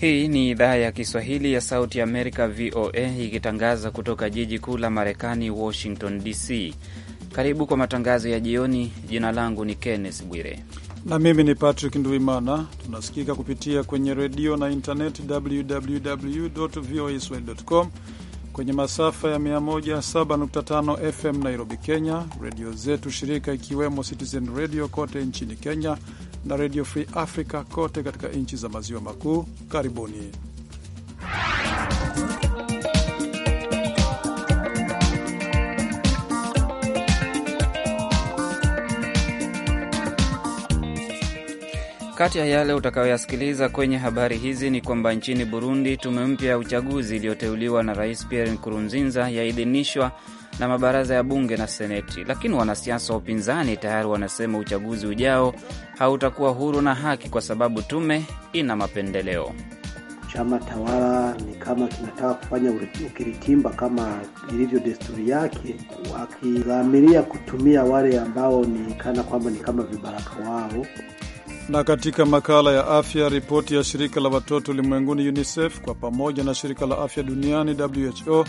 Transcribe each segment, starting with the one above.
Hii ni idhaa ya Kiswahili ya Sauti ya Amerika, VOA, ikitangaza kutoka jiji kuu la Marekani, Washington DC. Karibu kwa matangazo ya jioni. Jina langu ni Kenneth Bwire na mimi ni Patrick Nduimana. Tunasikika kupitia kwenye redio na intanet www voa swahili com, kwenye masafa ya 107.5 FM Nairobi, Kenya, redio zetu shirika ikiwemo Citizen Radio kote nchini Kenya na Radio Free Africa kote katika nchi za maziwa makuu. Karibuni. Kati ya yale utakayoyasikiliza kwenye habari hizi ni kwamba nchini Burundi, tume mpya ya uchaguzi iliyoteuliwa na Rais Pierre Nkurunziza yaidhinishwa na mabaraza ya bunge na seneti, lakini wanasiasa wa upinzani tayari wanasema uchaguzi ujao hautakuwa huru na haki kwa sababu tume ina mapendeleo. Chama tawala ni kama kinataka kufanya ukiritimba kama ilivyo desturi yake, wakidhamiria kutumia wale ambao ni kana kwamba ni kama vibaraka wao. Na katika makala ya afya, ripoti ya shirika la watoto ulimwenguni UNICEF kwa pamoja na shirika la afya duniani WHO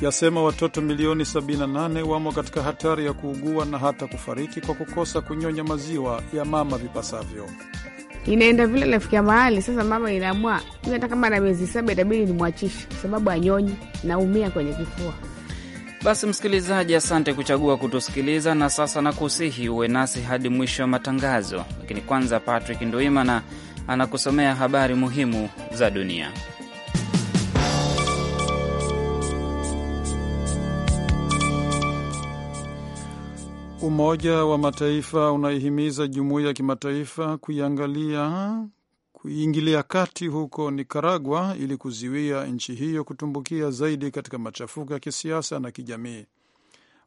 yasema watoto milioni 78 wamo katika hatari ya kuugua na hata kufariki kwa kukosa kunyonya maziwa ya mama vipasavyo. Inaenda vile, nafikia mahali sasa mama inaamua hata kama na miezi saba itabidi nimwachishe, kwa sababu anyonyi, naumia kwenye kifua basi msikilizaji, asante kuchagua kutusikiliza, na sasa nakusihi uwe nasi hadi mwisho wa matangazo. Lakini kwanza, Patrick Nduimana anakusomea habari muhimu za dunia. Umoja wa Mataifa unaihimiza jumuiya ya kimataifa kuiangalia kuingilia kati huko Nicaragua ili kuziwia nchi hiyo kutumbukia zaidi katika machafuko ya kisiasa na kijamii.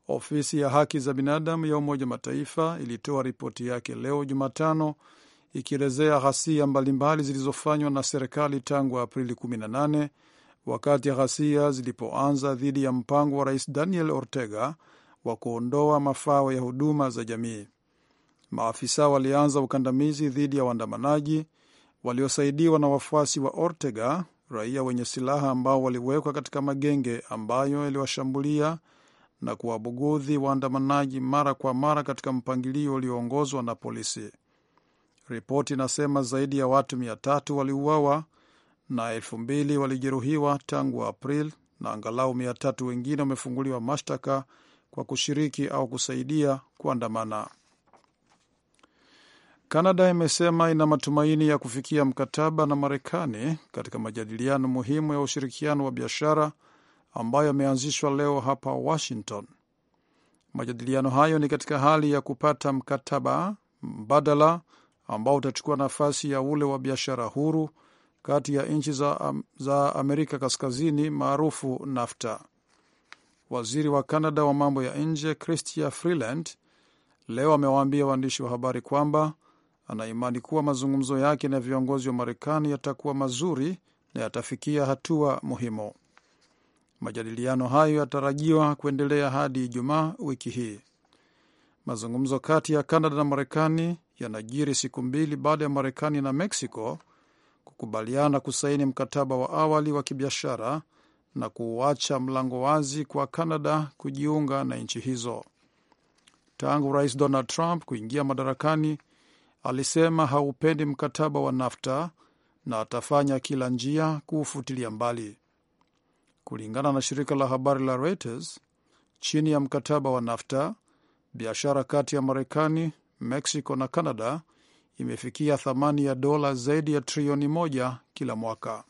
Ofisi ya haki za binadamu ya Umoja Mataifa ilitoa ripoti yake leo Jumatano ikielezea ghasia mbalimbali zilizofanywa na serikali tangu Aprili 18 wakati ghasia zilipoanza dhidi ya mpango wa Rais Daniel Ortega wa kuondoa mafao ya huduma za jamii. Maafisa walianza ukandamizi dhidi ya waandamanaji waliosaidiwa na wafuasi wa Ortega, raia wenye silaha ambao waliwekwa katika magenge ambayo yaliwashambulia na kuwabugudhi waandamanaji mara kwa mara katika mpangilio ulioongozwa na polisi. Ripoti inasema zaidi ya watu mia tatu waliuawa na elfu mbili walijeruhiwa tangu april na angalau mia tatu wengine wamefunguliwa mashtaka kwa kushiriki au kusaidia kuandamana. Kanada imesema ina matumaini ya kufikia mkataba na Marekani katika majadiliano muhimu ya ushirikiano wa biashara ambayo yameanzishwa leo hapa Washington. Majadiliano hayo ni katika hali ya kupata mkataba mbadala ambao utachukua nafasi ya ule wa biashara huru kati ya nchi za, za Amerika Kaskazini maarufu NAFTA. Waziri wa Kanada wa mambo ya nje Chrystia Freeland leo amewaambia waandishi wa habari kwamba anaimani kuwa mazungumzo yake na viongozi wa Marekani yatakuwa mazuri na yatafikia hatua muhimu. Majadiliano hayo yatarajiwa kuendelea hadi Ijumaa wiki hii. Mazungumzo kati ya Kanada na Marekani yanajiri siku mbili baada ya Marekani na Mexico kukubaliana kusaini mkataba wa awali wa kibiashara na kuuacha mlango wazi kwa Kanada kujiunga na nchi hizo. Tangu Rais Donald Trump kuingia madarakani, alisema haupendi mkataba wa NAFTA na atafanya kila njia kuufutilia mbali. Kulingana na shirika la habari la Reuters, chini ya mkataba wa NAFTA, biashara kati ya Marekani, Mexico na Canada imefikia thamani ya dola zaidi ya trilioni moja kila mwaka.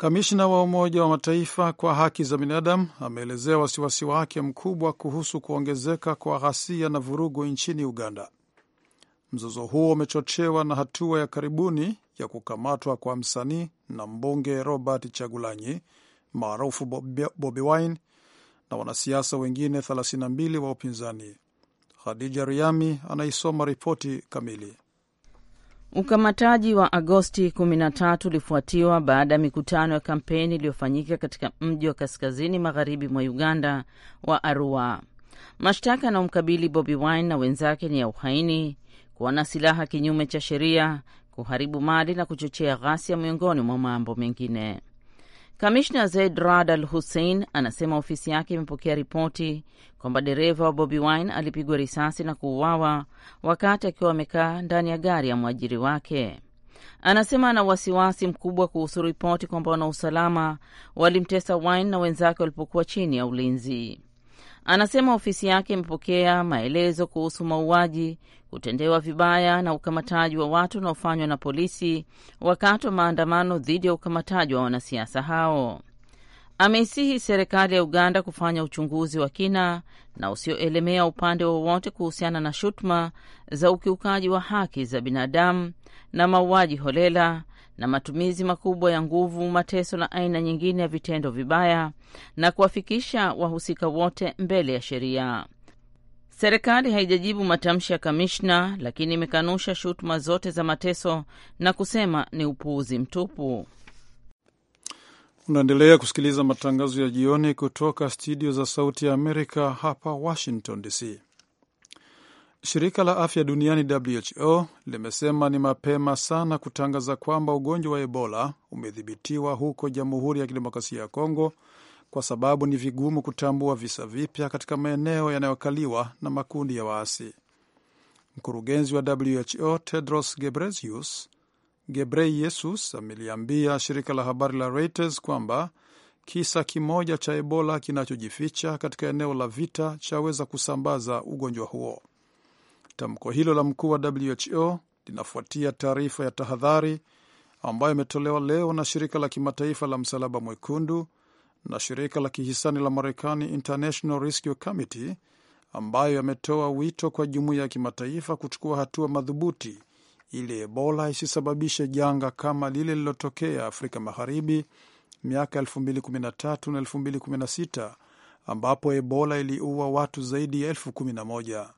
Kamishna wa Umoja wa Mataifa kwa haki za binadamu ameelezea wasiwasi wake mkubwa kuhusu kuongezeka kwa ghasia na vurugu nchini Uganda. Mzozo huo umechochewa na hatua ya karibuni ya kukamatwa kwa msanii na mbunge Robert Chagulanyi maarufu Bobi Wine na wanasiasa wengine 32 wa upinzani. Khadija Riami anaisoma ripoti kamili. Ukamataji wa Agosti 13 ulifuatiwa baada ya mikutano ya kampeni iliyofanyika katika mji wa kaskazini magharibi mwa Uganda wa Arua. Mashtaka yanayomkabili Bobi Wine na wenzake ni ya uhaini, kuwa na silaha kinyume cha sheria, kuharibu mali na kuchochea ghasia, miongoni mwa mambo mengine. Kamishna Zaid Rad Al Hussein anasema ofisi yake imepokea ripoti kwamba dereva wa Bobi Wine alipigwa risasi na kuuawa wakati akiwa amekaa ndani ya gari ya mwajiri wake. Anasema ana wasiwasi mkubwa kuhusu ripoti kwamba wanausalama walimtesa Wine na wenzake walipokuwa chini ya ulinzi. Anasema ofisi yake imepokea maelezo kuhusu mauaji, kutendewa vibaya na ukamataji wa watu unaofanywa na polisi wakati wa maandamano dhidi ya ukamataji wa wanasiasa hao. Ameisihi serikali ya Uganda kufanya uchunguzi wa kina na usioelemea upande wowote kuhusiana na shutuma za ukiukaji wa haki za binadamu na mauaji holela na matumizi makubwa ya nguvu, mateso na aina nyingine ya vitendo vibaya na kuwafikisha wahusika wote mbele ya sheria. Serikali haijajibu matamshi ya kamishna, lakini imekanusha shutuma zote za mateso na kusema ni upuuzi mtupu. Unaendelea kusikiliza matangazo ya jioni kutoka studio za Sauti ya Amerika hapa Washington DC. Shirika la afya duniani WHO limesema ni mapema sana kutangaza kwamba ugonjwa wa Ebola umedhibitiwa huko Jamhuri ya Kidemokrasia ya Kongo kwa sababu ni vigumu kutambua visa vipya katika maeneo yanayokaliwa na makundi ya waasi. Mkurugenzi wa WHO Tedros Gebreyesus ameliambia shirika la habari la Reuters kwamba kisa kimoja cha Ebola kinachojificha katika eneo la vita chaweza kusambaza ugonjwa huo. Tamko hilo la mkuu wa WHO linafuatia taarifa ya tahadhari ambayo imetolewa leo na shirika la kimataifa la Msalaba Mwekundu na shirika la kihisani la Marekani International Rescue Committee ambayo yametoa wito kwa jumuiya ya kimataifa kuchukua hatua madhubuti ili Ebola isisababishe janga kama lile lililotokea Afrika Magharibi miaka 2013 na 2016 ambapo Ebola iliua watu zaidi ya elfu kumi na moja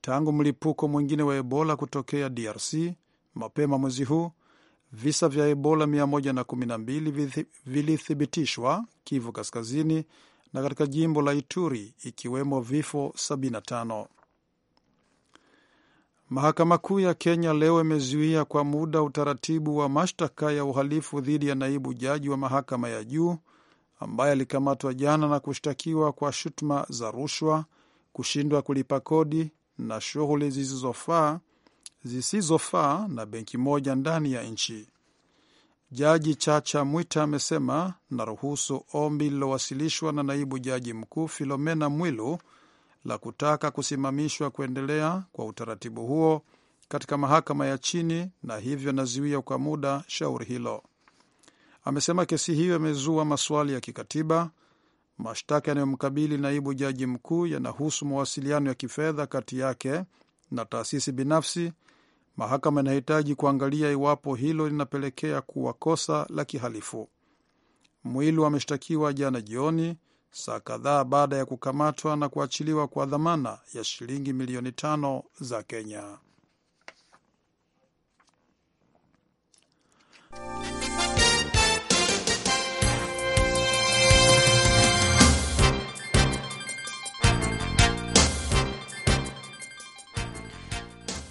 tangu mlipuko mwingine wa Ebola kutokea DRC mapema mwezi huu. Visa vya Ebola 112 vilithibitishwa Kivu Kaskazini na katika jimbo la Ituri, ikiwemo vifo 75. Mahakama Kuu ya Kenya leo imezuia kwa muda utaratibu wa mashtaka ya uhalifu dhidi ya naibu jaji wa mahakama ya juu ambaye alikamatwa jana na kushtakiwa kwa shutuma za rushwa, kushindwa kulipa kodi, na shughuli zisizofaa zisizofaa na benki moja ndani ya nchi. Jaji Chacha Mwita amesema na ruhusu ombi lilowasilishwa na naibu jaji mkuu Filomena Mwilu la kutaka kusimamishwa kuendelea kwa utaratibu huo katika mahakama ya chini, na hivyo nazuia kwa muda shauri hilo. Amesema kesi hiyo imezua maswali ya kikatiba Mashtaka yanayomkabili naibu jaji mkuu yanahusu mawasiliano ya kifedha kati yake na taasisi binafsi. Mahakama inahitaji kuangalia iwapo hilo linapelekea kuwa kosa la kihalifu. mwilu ameshtakiwa jana jioni, saa kadhaa baada ya kukamatwa na kuachiliwa kwa dhamana ya shilingi milioni tano za Kenya.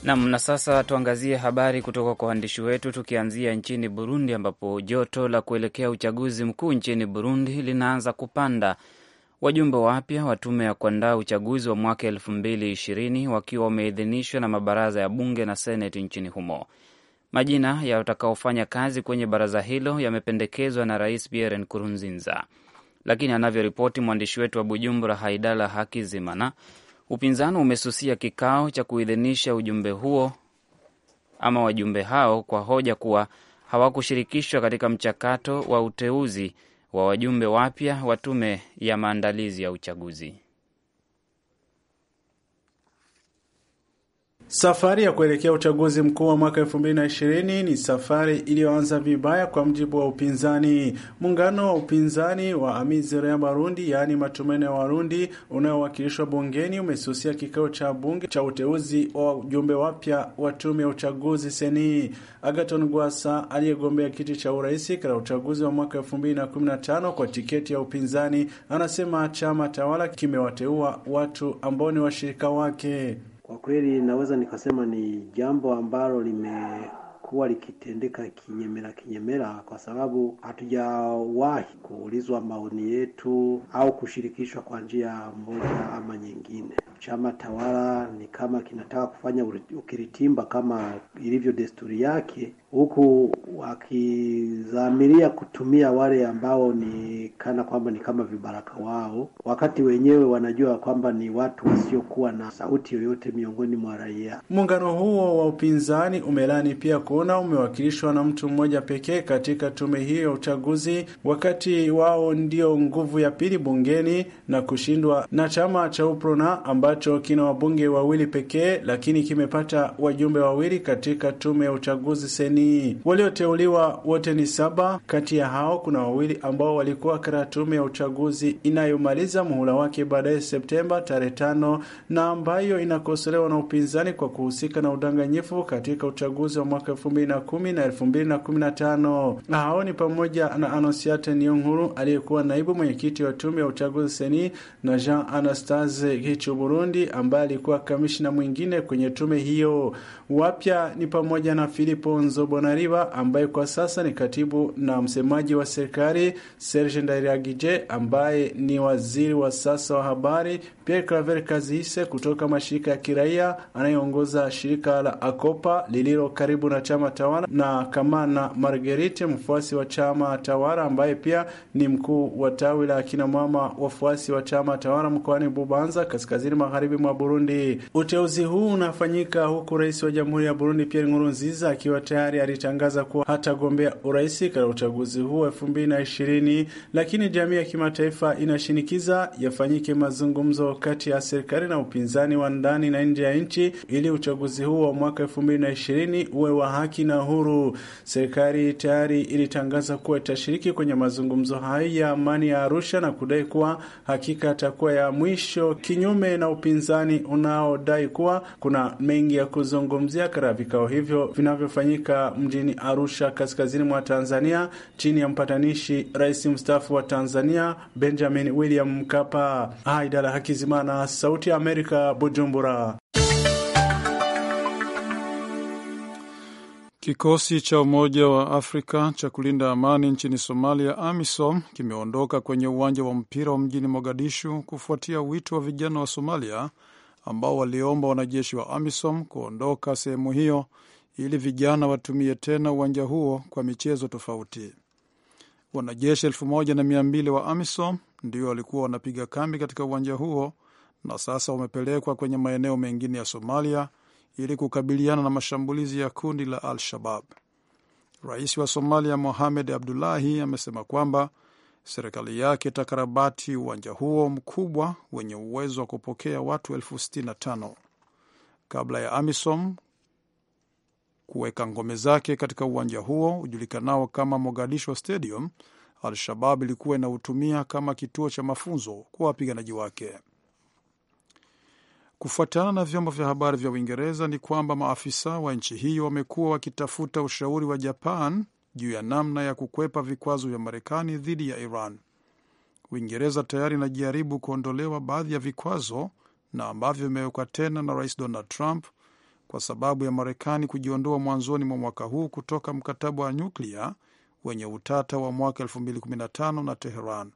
Nam, na sasa tuangazie habari kutoka kwa waandishi wetu, tukianzia nchini Burundi ambapo joto la kuelekea uchaguzi mkuu nchini Burundi linaanza kupanda. Wajumbe wapya wa tume ya kuandaa uchaguzi wa mwaka elfu mbili ishirini wakiwa wameidhinishwa na mabaraza ya bunge na seneti nchini humo. Majina ya watakaofanya kazi kwenye baraza hilo yamependekezwa na Rais Pierre Nkurunziza, lakini anavyoripoti mwandishi wetu wa Bujumbura Haidala Hakizimana Upinzani umesusia kikao cha kuidhinisha ujumbe huo ama wajumbe hao kwa hoja kuwa hawakushirikishwa katika mchakato wa uteuzi wa wajumbe wapya wa tume ya maandalizi ya uchaguzi. Safari ya kuelekea uchaguzi mkuu wa mwaka ishirini ni safari iliyoanza vibaya kwa mjibu wa upinzani. Muungano wa upinzani wa Amizero ya Barundi, yaani matumaini ya Warundi, unaowakilishwa bungeni umesusia kikao cha bunge cha uteuzi wa ujumbe wapya wa tume ya uchaguzi seni. Agaton Gwasa aliyegombea kiti cha urahisi katika uchaguzi wa mwaka tano kwa tiketi ya upinzani anasema chama tawala kimewateua watu ambao ni washirika wake. Kwa kweli naweza nikasema ni jambo ambalo lime kuwa likitendeka kinyemera kinyemera, kwa sababu hatujawahi kuulizwa maoni yetu au kushirikishwa kwa njia moja ama nyingine. Chama tawala ni kama kinataka kufanya ukiritimba kama ilivyo desturi yake, huku wakizamiria kutumia wale ambao ni kana kwamba ni kama vibaraka wao, wakati wenyewe wanajua kwamba ni watu wasiokuwa na sauti yoyote miongoni mwa raia. Muungano huo wa upinzani umelani pia kwa Maguna umewakilishwa na mtu mmoja pekee katika tume hiyo ya uchaguzi, wakati wao ndio nguvu ya pili bungeni na kushindwa na chama cha UPRONA ambacho kina wabunge wawili pekee, lakini kimepata wajumbe wawili katika tume ya uchaguzi senii. Walioteuliwa wote ni saba. Kati ya hao kuna wawili ambao walikuwa katika tume ya uchaguzi inayomaliza muhula wake baadaye Septemba tarehe tano na ambayo inakosolewa na upinzani kwa kuhusika na udanganyifu katika uchaguzi wa mwaka elfu na 2015. Na hao ni pamoja na Anosiate Niyonkuru aliyekuwa naibu mwenyekiti wa tume ya uchaguzi seni na Jean Anastase Hichu Burundi ambaye alikuwa kamishna mwingine kwenye tume hiyo. Wapya ni pamoja na Filipo Nzobonariba ambaye kwa sasa ni katibu na msemaji wa serikali, Serge Ndairagije ambaye ni waziri wa sasa wa habari, Pierre Claver Kazihise kutoka mashirika ya kiraia anayeongoza shirika la Akopa lililo karibu na chama chama tawala na Kamana Margerite, mfuasi wa chama tawala ambaye pia ni mkuu wa tawi la akina mama wafuasi wa chama tawala mkoani Bubanza, kaskazini magharibi mwa Burundi. Uteuzi huu unafanyika huku rais wa jamhuri ya Burundi Pierre Nkurunziza akiwa tayari alitangaza kuwa hatagombea urais katika uchaguzi huu elfu mbili na ishirini, lakini jamii ya kimataifa inashinikiza yafanyike mazungumzo kati ya serikali na upinzani wa ndani na nje ya nchi ili uchaguzi huu wa mwaka elfu mbili na ishirini uwe wa haki na huru. Serikali tayari ilitangaza kuwa itashiriki kwenye mazungumzo hayo ya amani ya Arusha na kudai kuwa hakika atakuwa ya mwisho, kinyume na upinzani unaodai kuwa kuna mengi ya kuzungumzia katika vikao hivyo vinavyofanyika mjini Arusha, kaskazini mwa Tanzania, chini ya mpatanishi rais mstaafu wa Tanzania Benjamin William Mkapa. Haidala Hakizimana, Sauti ya Amerika, Bujumbura. Kikosi cha Umoja wa Afrika cha kulinda amani nchini Somalia, AMISOM, kimeondoka kwenye uwanja wa mpira wa mjini Mogadishu kufuatia wito wa vijana wa Somalia ambao waliomba wanajeshi wa AMISOM kuondoka sehemu hiyo ili vijana watumie tena uwanja huo kwa michezo tofauti. Wanajeshi elfu moja na mia mbili wa AMISOM ndio walikuwa wanapiga kambi katika uwanja huo na sasa wamepelekwa kwenye maeneo mengine ya Somalia ili kukabiliana na mashambulizi ya kundi la Al-Shabab. Rais wa Somalia Mohamed Abdullahi amesema kwamba serikali yake itakarabati uwanja huo mkubwa wenye uwezo wa kupokea watu elfu sitini na tano kabla ya AMISOM kuweka ngome zake katika uwanja huo ujulikanao kama Mogadisho Stadium. Al-Shabab ilikuwa inautumia kama kituo cha mafunzo kwa wapiganaji wake. Kufuatana na vyombo vya habari vya Uingereza ni kwamba maafisa wa nchi hiyo wamekuwa wakitafuta ushauri wa Japan juu ya namna ya kukwepa vikwazo vya Marekani dhidi ya Iran. Uingereza tayari inajaribu kuondolewa baadhi ya vikwazo na ambavyo vimewekwa tena na Rais Donald Trump kwa sababu ya Marekani kujiondoa mwanzoni mwa mwaka huu kutoka mkataba wa nyuklia wenye utata wa mwaka 2015 na Teheran.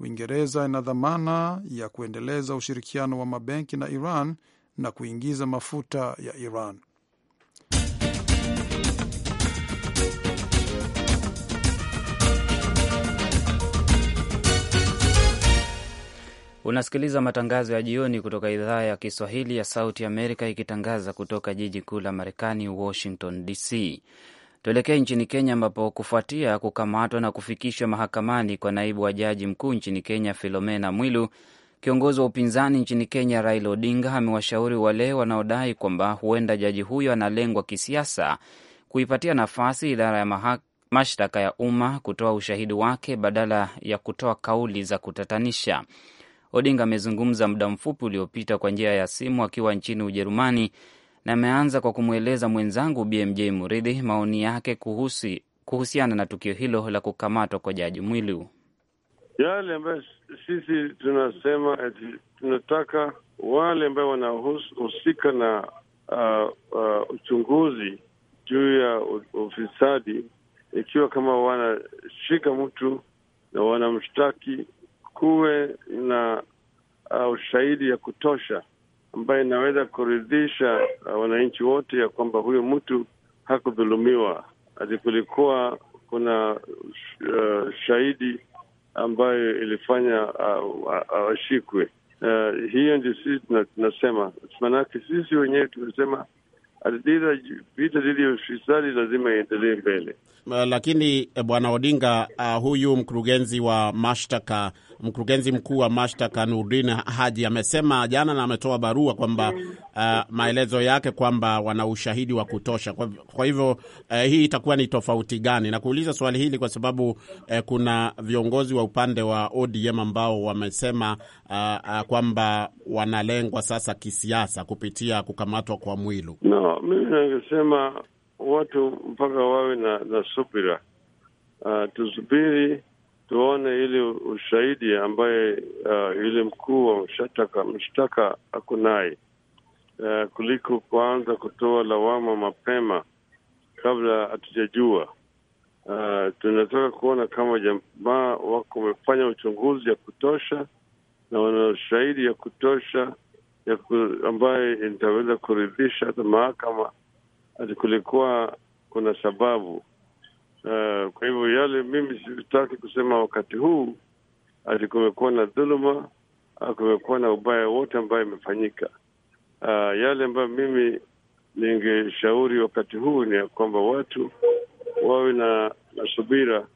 Uingereza ina dhamana ya kuendeleza ushirikiano wa mabenki na Iran na kuingiza mafuta ya Iran. Unasikiliza matangazo ya jioni kutoka idhaa ya Kiswahili ya Sauti Amerika, ikitangaza kutoka jiji kuu la Marekani, Washington DC. Tuelekee nchini Kenya ambapo kufuatia kukamatwa na kufikishwa mahakamani kwa naibu wa jaji mkuu nchini Kenya Filomena Mwilu, kiongozi wa upinzani nchini Kenya Raila Odinga amewashauri wale wanaodai kwamba huenda jaji huyo analengwa kisiasa kuipatia nafasi idara ya mashtaka ya umma kutoa ushahidi wake badala ya kutoa kauli za kutatanisha. Odinga amezungumza muda mfupi uliopita kwa njia ya simu akiwa nchini Ujerumani na ameanza kwa kumweleza mwenzangu BMJ Muridhi maoni yake kuhusi, kuhusiana na tukio hilo la kukamatwa kwa Jaji Mwilu. Yale ambayo sisi tunasema eti tunataka wale ambayo wanahusika na uh, uh, uchunguzi juu ya ufisadi, ikiwa kama wanashika mtu na wanamshtaki, kuwe na uh, ushahidi ya kutosha ambayo inaweza kuridhisha uh, wananchi wote ya kwamba huyu mtu hakudhulumiwa. Ati kulikuwa kuna uh, shahidi ambayo ilifanya awashikwe. Uh, uh, uh, hiyo ndio sisi tunasema, maanake sisi wenyewe tumesema vita dhidi ya ufisadi lazima iendelee mbele. Uh, lakini eh, bwana Odinga, uh, huyu mkurugenzi wa mashtaka mkurugenzi mkuu wa mashtaka Nurdin Haji amesema jana na ametoa barua kwamba uh, maelezo yake kwamba wana ushahidi wa kutosha. Kwa, kwa hivyo uh, hii itakuwa ni tofauti gani? Na kuuliza swali hili kwa sababu uh, kuna viongozi wa upande wa ODM ambao wamesema uh, uh, kwamba wanalengwa sasa kisiasa kupitia kukamatwa kwa Mwilu. No, mimi nangesema watu mpaka wawe na, na subira uh, tusubiri tuone ili ushahidi ambaye uh, ili mkuu wa mshtaka mshtaka akunai uh, kuliko kuanza kutoa lawama mapema kabla hatujajua. Uh, tunataka kuona kama jamaa wako wamefanya uchunguzi ya kutosha na wana ushahidi ya kutosha ya ku, ambaye itaweza kuridhisha hata mahakama ati kulikuwa kuna sababu Uh, kwa hivyo yale mimi sitaki kusema wakati huu ati kumekuwa na dhuluma au ah, kumekuwa na ubaya wote ambayo imefanyika. Uh, yale ambayo mimi ningeshauri wakati huu ni ya kwamba watu wawe na, na subira,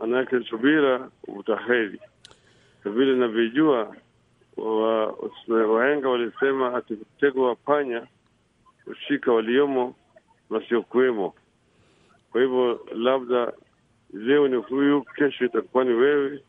manake subira utaheri. Vile navyojua wa, walisema ati mtego wa panya ushika waliomo wasiokuwemo. Kwa hivyo labda leo ni huyu, kesho itakuwa ni wewe,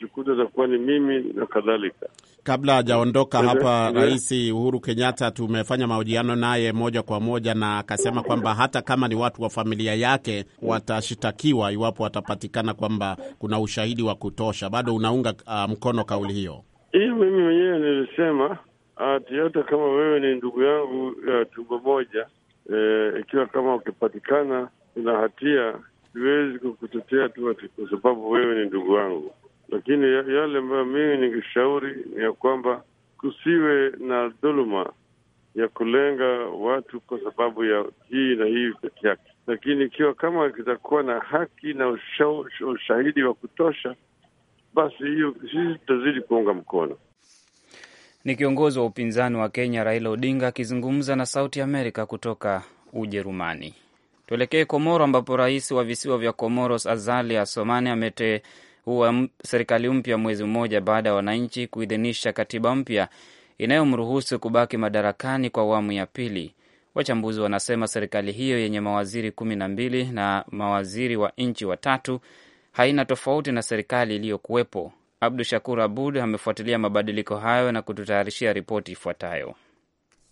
jukuda itakuwa ni mimi na kadhalika. Kabla hajaondoka hapa, Rais Uhuru Kenyatta, tumefanya mahojiano naye moja kwa moja, na akasema kwamba hata kama ni watu wa familia yake watashitakiwa iwapo watapatikana kwamba kuna ushahidi wa kutosha. Bado unaunga uh, mkono kauli hiyo? Hiyo mimi mwenyewe nilisema ati hata kama wewe ni ndugu yangu ya tumbo moja, eh, ikiwa e, kama ukipatikana una hatia, siwezi kukutetea tu ati kwa sababu wewe ni ndugu wangu. Lakini yale ambayo mimi ningeshauri ni ya kwamba kusiwe na dhuluma ya kulenga watu kwa sababu ya hii na hii peke yake, lakini ikiwa kama kitakuwa na haki na usha, ushahidi wa kutosha, basi hiyo sisi tutazidi kuunga mkono. Ni kiongozi wa upinzani wa Kenya Raila Odinga akizungumza na Sauti Amerika kutoka Ujerumani. Tuelekee Komoro ambapo rais wa visiwa vya Komoros Azali somani ameteua serikali mpya mwezi mmoja baada ya wananchi kuidhinisha katiba mpya inayomruhusu kubaki madarakani kwa awamu ya pili. Wachambuzi wanasema serikali hiyo yenye mawaziri kumi na mbili na mawaziri wa nchi watatu haina tofauti na serikali iliyokuwepo. Abdu Shakur Abud amefuatilia mabadiliko hayo na kututayarishia ripoti ifuatayo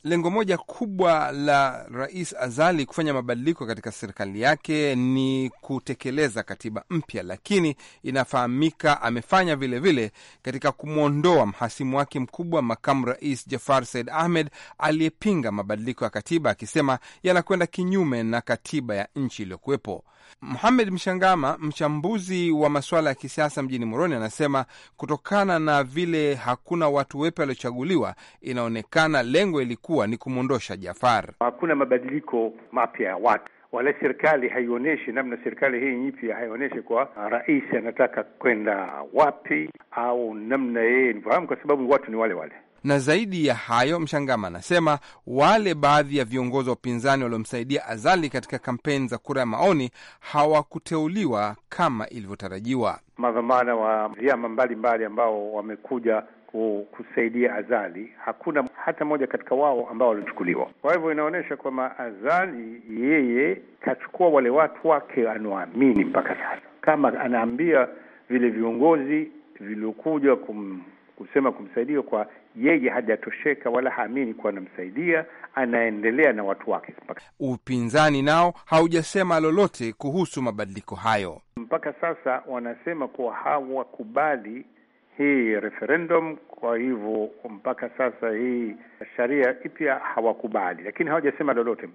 lengo moja kubwa la Rais Azali kufanya mabadiliko katika serikali yake ni kutekeleza katiba mpya, lakini inafahamika amefanya vilevile vile katika kumwondoa mhasimu wake mkubwa, makamu rais Jafar Said Ahmed aliyepinga mabadiliko ya katiba akisema yanakwenda kinyume na katiba ya nchi iliyokuwepo. Muhamed Mshangama, mchambuzi wa masuala ya kisiasa mjini Moroni, anasema kutokana na vile hakuna watu wepe waliochaguliwa, inaonekana lengo ilikuwa kuwa ni kumwondosha Jafar. Hakuna mabadiliko mapya ya watu wala serikali haionyeshi namna, serikali hii nyipya haionyeshi kwa rais anataka kwenda wapi au namna yeye nifahamu, kwa sababu watu ni wale wale. Na zaidi ya hayo, Mshangama anasema wale baadhi ya viongozi wa upinzani waliomsaidia Azali katika kampeni za kura ya maoni hawakuteuliwa kama ilivyotarajiwa. Madhamana wa vyama mbalimbali ambao wamekuja kusaidia Azali, hakuna hata mmoja katika wao ambao walichukuliwa. Kwa hivyo inaonyesha kwamba Azali yeye kachukua wale watu wake anaoamini mpaka sasa, kama anaambia vile viongozi viliokuja kum, kusema kumsaidia kwa yeye hajatosheka wala haamini kuwa anamsaidia, anaendelea na watu wake. Upinzani nao haujasema lolote kuhusu mabadiliko hayo mpaka sasa. Wanasema kuwa hawakubali hii referendum. Kwa hivyo mpaka sasa hii sharia ipya hawakubali, lakini hawajasema lolote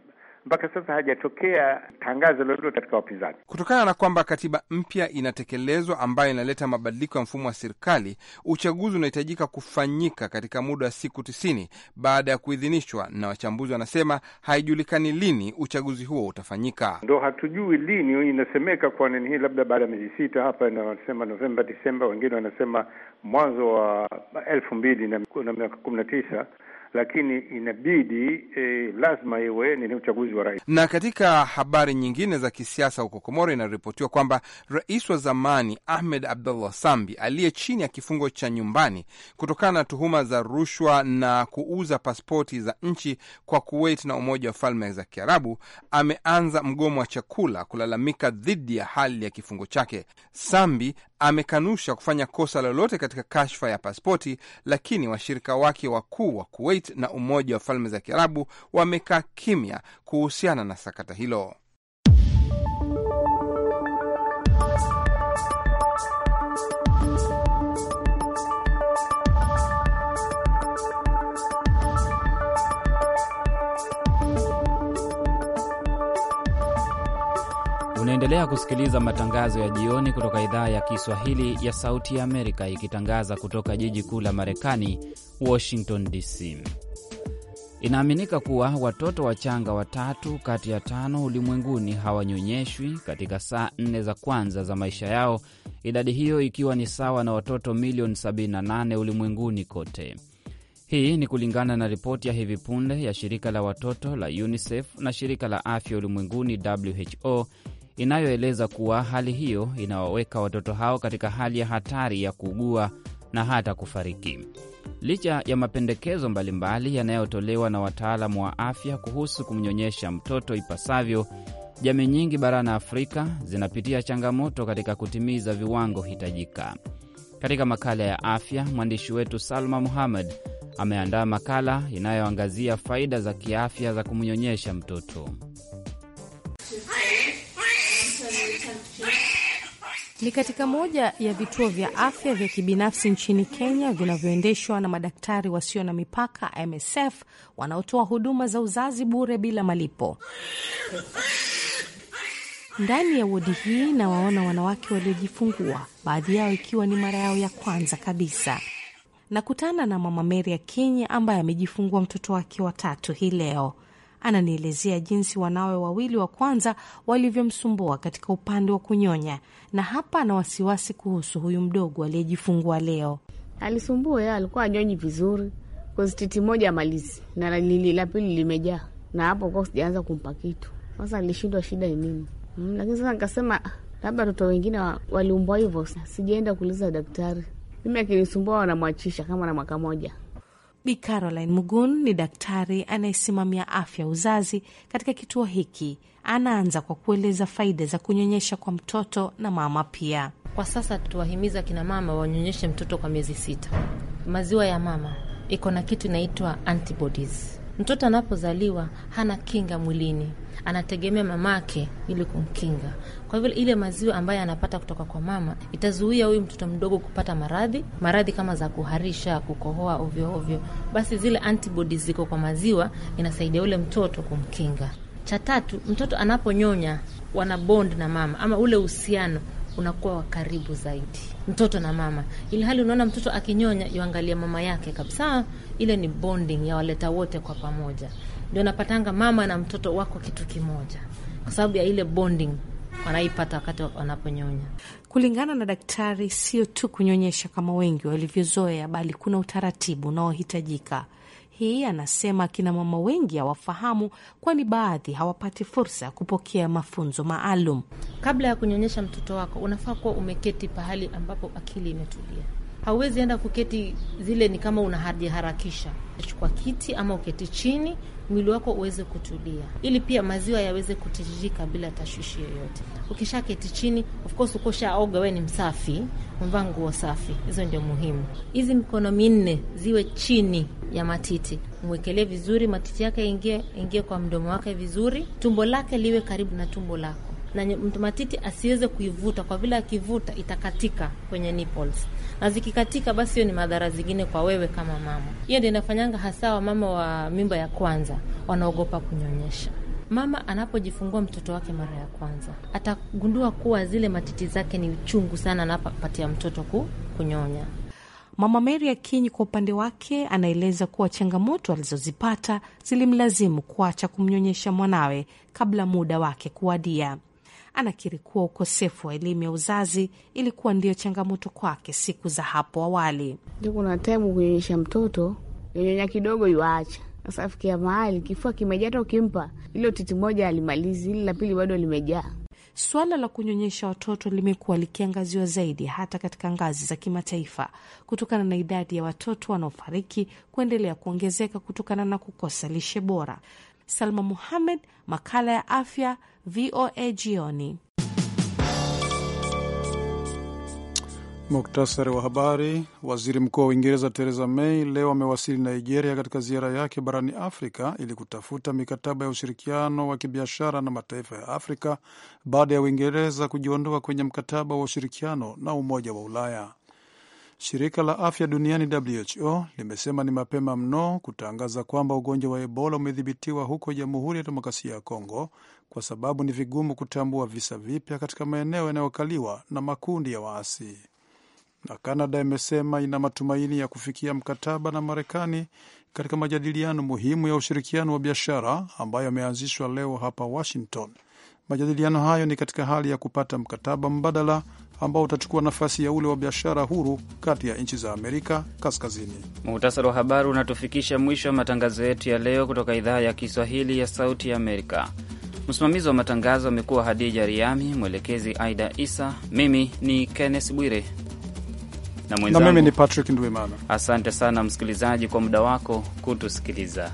mpaka sasa hajatokea tangazo lolote katika wapinzani, kutokana na kwamba katiba mpya inatekelezwa ambayo inaleta mabadiliko ya mfumo wa serikali. Uchaguzi unahitajika kufanyika katika muda wa siku tisini baada ya kuidhinishwa, na wachambuzi wanasema haijulikani lini uchaguzi huo utafanyika. Ndo hatujui lini, inasemeka kwa nini hii, labda baada ya miezi sita hapa, na wanasema Novemba, Disemba, wengine wanasema mwanzo wa elfu mbili na miaka kumi na tisa lakini inabidi e, lazima iwe ni uchaguzi wa rais. Na katika habari nyingine za kisiasa huko Komoro, inaripotiwa kwamba rais wa zamani Ahmed Abdullah Sambi aliye chini ya kifungo cha nyumbani kutokana na tuhuma za rushwa na kuuza pasipoti za nchi kwa Kuwait na Umoja wa Falme za Kiarabu ameanza mgomo wa chakula kulalamika dhidi ya hali ya kifungo chake. Sambi amekanusha kufanya kosa lolote katika kashfa ya paspoti lakini washirika wake wakuu wa Kuwait na Umoja wa Falme za Kiarabu wamekaa kimya kuhusiana na sakata hilo. Unaendelea kusikiliza matangazo ya jioni kutoka idhaa ya Kiswahili ya Sauti ya Amerika, ikitangaza kutoka jiji kuu la Marekani, Washington DC. Inaaminika kuwa watoto wachanga watatu kati ya tano ulimwenguni hawanyonyeshwi katika saa nne za kwanza za maisha yao, idadi hiyo ikiwa ni sawa na watoto milioni 78 ulimwenguni kote. Hii ni kulingana na ripoti ya hivi punde ya shirika la watoto la UNICEF na shirika la afya ulimwenguni WHO inayoeleza kuwa hali hiyo inawaweka watoto hao katika hali ya hatari ya kuugua na hata kufariki. Licha ya mapendekezo mbalimbali yanayotolewa na wataalamu wa afya kuhusu kumnyonyesha mtoto ipasavyo, jamii nyingi barani Afrika zinapitia changamoto katika kutimiza viwango hitajika. Katika makala ya afya, mwandishi wetu Salma Muhammad ameandaa makala inayoangazia faida za kiafya za kumnyonyesha mtoto. Ni katika moja ya vituo vya afya vya kibinafsi nchini Kenya vinavyoendeshwa na madaktari wasio na mipaka MSF wanaotoa huduma za uzazi bure bila malipo. Ndani ya wodi hii nawaona wanawake waliojifungua, baadhi yao ikiwa ni mara yao ya kwanza kabisa. Nakutana na mama Mary ya Kenya ambaye amejifungua mtoto wake watatu hii leo. Ananielezea jinsi wanawe wawili wa kwanza walivyomsumbua katika upande wa kunyonya, na hapa ana wasiwasi kuhusu huyu mdogo aliyejifungua leo. Alisumbua ya, alikuwa anyonyi vizuri, kostiti moja malizi na lili la pili limejaa, na hapo kwa sijaanza kumpa kitu. Sasa nilishindwa shida ni nini, mm, lakini sasa nikasema labda watoto wengine waliumbwa hivyo. Sijaenda kuuliza daktari, mimi akinisumbua wanamwachisha kama na mwaka moja Bi Caroline Mugun ni daktari anayesimamia afya uzazi katika kituo hiki. Anaanza kwa kueleza faida za kunyonyesha kwa mtoto na mama pia. Kwa sasa tuwahimiza kina mama wanyonyeshe mtoto kwa miezi sita. Maziwa ya mama iko na kitu inaitwa antibodies Mtoto anapozaliwa hana kinga mwilini, anategemea mamake ili kumkinga. Kwa hivyo ile maziwa ambayo anapata kutoka kwa mama itazuia huyu mtoto mdogo kupata maradhi, maradhi kama za kuharisha, kukohoa ovyo ovyo. Basi zile antibodi ziko kwa maziwa inasaidia ule mtoto kumkinga. Cha tatu, mtoto anaponyonya wana bond na mama, ama ule uhusiano unakuwa wa karibu zaidi mtoto na mama, ili hali unaona mtoto akinyonya yuangalia mama yake kabisa, ile ni bonding ya waleta wote kwa pamoja, ndio napatanga mama na mtoto wako kitu kimoja, kwa sababu ya ile bonding wanaipata wakati wanaponyonya. Kulingana na daktari, sio tu kunyonyesha kama wengi walivyozoea, bali kuna utaratibu unaohitajika. Hii anasema akina mama wengi hawafahamu, kwani baadhi hawapati fursa ya kupokea mafunzo maalum. Kabla ya kunyonyesha mtoto wako, unafaa kuwa umeketi pahali ambapo akili imetulia hauwezi enda kuketi, zile ni kama unahajiharakisha. Chukua kiti ama uketi chini, mwili wako uweze kutulia, ili pia maziwa yaweze kutiririka bila tashwishi yoyote. Ukisha keti chini, of course uko oga, we ni msafi, umevaa nguo safi, hizo ndio muhimu. Hizi mikono minne ziwe chini ya matiti, mwekelee vizuri, matiti yake ingie ingie kwa mdomo wake vizuri, tumbo lake liwe karibu na tumbo lako na mtu matiti asiweze kuivuta, kwa vile akivuta itakatika kwenye nipples, na zikikatika, basi hiyo ni madhara zingine kwa wewe kama mama. Hiyo ndio inafanyanga hasa wamama wa mimba ya kwanza wanaogopa kunyonyesha. Mama anapojifungua mtoto wake mara ya kwanza atagundua kuwa zile matiti zake ni uchungu sana anapopatia mtoto ku, kunyonya. Mama Mary Akinyi kwa upande wake anaeleza kuwa changamoto alizozipata zilimlazimu kuacha kumnyonyesha mwanawe kabla muda wake kuwadia anakiri kuwa ukosefu wa elimu ya uzazi ilikuwa ndiyo changamoto kwake siku za hapo awali. Kuna taimu kunyonyesha mtoto, nyonya kidogo yuacha sasa afikia mahali kifua kimejaa, hata ukimpa ilo titi moja alimalizi, ili la pili bado limejaa. Suala la kunyonyesha watoto limekuwa likiangaziwa zaidi hata katika ngazi za kimataifa kutokana na idadi ya watoto wanaofariki kuendelea kuongezeka kutokana na kukosa lishe bora. Salma Muhammed, makala ya afya, VOA jioni. Muktasari wa habari. Waziri Mkuu wa Uingereza Theresa May leo amewasili Nigeria katika ziara yake barani Afrika ili kutafuta mikataba ya ushirikiano wa kibiashara na mataifa ya Afrika baada ya Uingereza kujiondoa kwenye mkataba wa ushirikiano na Umoja wa Ulaya. Shirika la afya duniani WHO limesema ni mapema mno kutangaza kwamba ugonjwa wa Ebola umedhibitiwa huko Jamhuri ya Demokrasia ya Kongo, kwa sababu ni vigumu kutambua visa vipya katika maeneo yanayokaliwa na makundi ya waasi. Na Kanada imesema ina matumaini ya kufikia mkataba na Marekani katika majadiliano muhimu ya ushirikiano wa biashara ambayo yameanzishwa leo hapa Washington. Majadiliano hayo ni katika hali ya kupata mkataba mbadala ambao utachukua nafasi ya ule wa biashara huru kati ya nchi za Amerika Kaskazini. Muhtasari wa habari unatufikisha mwisho wa matangazo yetu ya leo kutoka idhaa ya Kiswahili ya Sauti ya Amerika. Msimamizi wa matangazo amekuwa Hadija Riami, mwelekezi Aida Isa, mimi ni Kenneth Bwire na mimi ni Patrick Ndwimana. Asante sana msikilizaji kwa muda wako kutusikiliza.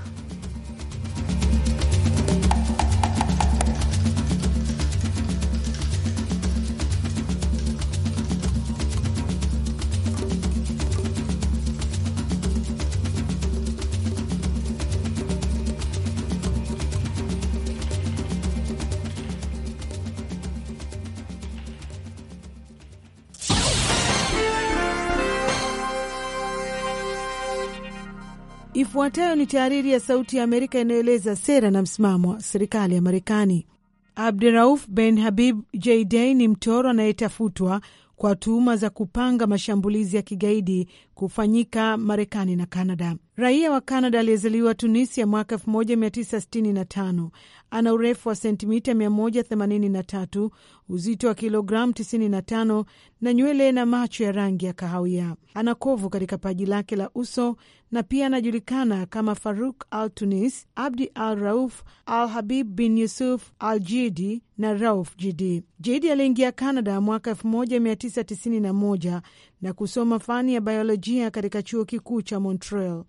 Ifuatayo ni tahariri ya Sauti ya Amerika inayoeleza sera na msimamo wa serikali ya Marekani. Abdurauf Ben Habib Jaidei ni mtoro anayetafutwa kwa tuhuma za kupanga mashambulizi ya kigaidi kufanyika Marekani na Kanada. Raia wa Kanada aliyezaliwa Tunisia mwaka 1965 ana urefu wa sentimita 183, uzito wa kilogramu 95 na nywele na macho ya rangi ya kahawia. Ana kovu katika paji lake la uso na pia anajulikana kama Faruk al Tunis, Abdi al Rauf al Habib bin Yusuf al Jidi na Rauf Jidi. Jidi aliingia Canada mwaka 1991 na kusoma fani ya biolojia katika chuo kikuu cha Montreal.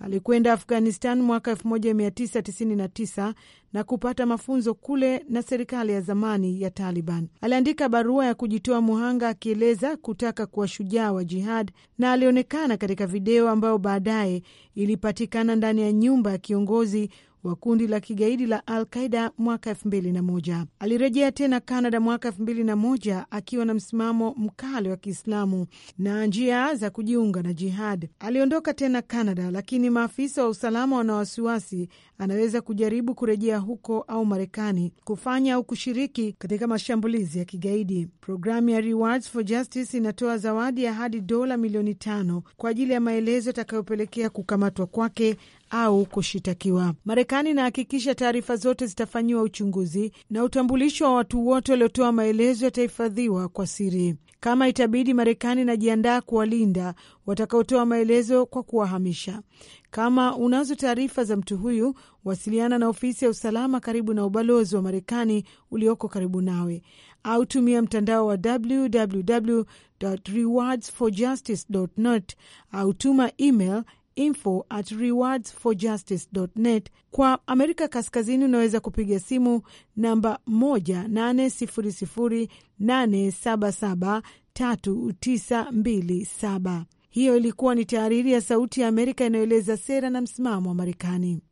Alikwenda Afghanistan mwaka 1999 na kupata mafunzo kule na serikali ya zamani ya Taliban. Aliandika barua ya kujitoa muhanga akieleza kutaka kuwa shujaa wa jihad, na alionekana katika video ambayo baadaye ilipatikana ndani ya nyumba ya kiongozi wa kundi la kigaidi la Al Qaida mwaka elfu mbili na moja. Alirejea tena Canada mwaka elfu mbili na moja akiwa na msimamo mkali wa Kiislamu na njia za kujiunga na jihad. Aliondoka tena Canada, lakini maafisa wa usalama wana wasiwasi anaweza kujaribu kurejea huko au Marekani kufanya au kushiriki katika mashambulizi ya kigaidi. Programu ya Rewards for Justice inatoa zawadi ya hadi dola milioni tano kwa ajili ya maelezo yatakayopelekea kukamatwa kwake au kushitakiwa. Marekani inahakikisha taarifa zote zitafanyiwa uchunguzi na utambulisho wa watu wote waliotoa maelezo yatahifadhiwa kwa siri. Kama itabidi, Marekani inajiandaa kuwalinda watakaotoa maelezo kwa kuwahamisha. Kama unazo taarifa za mtu huyu, wasiliana na ofisi ya usalama karibu na ubalozi wa Marekani ulioko karibu nawe, au tumia mtandao wa www au tuma email info at net. Kwa Amerika Kaskazini unaweza kupiga simu namba 18008773927. Hiyo ilikuwa ni tahariri ya Sauti ya Amerika inayoeleza sera na msimamo wa Marekani.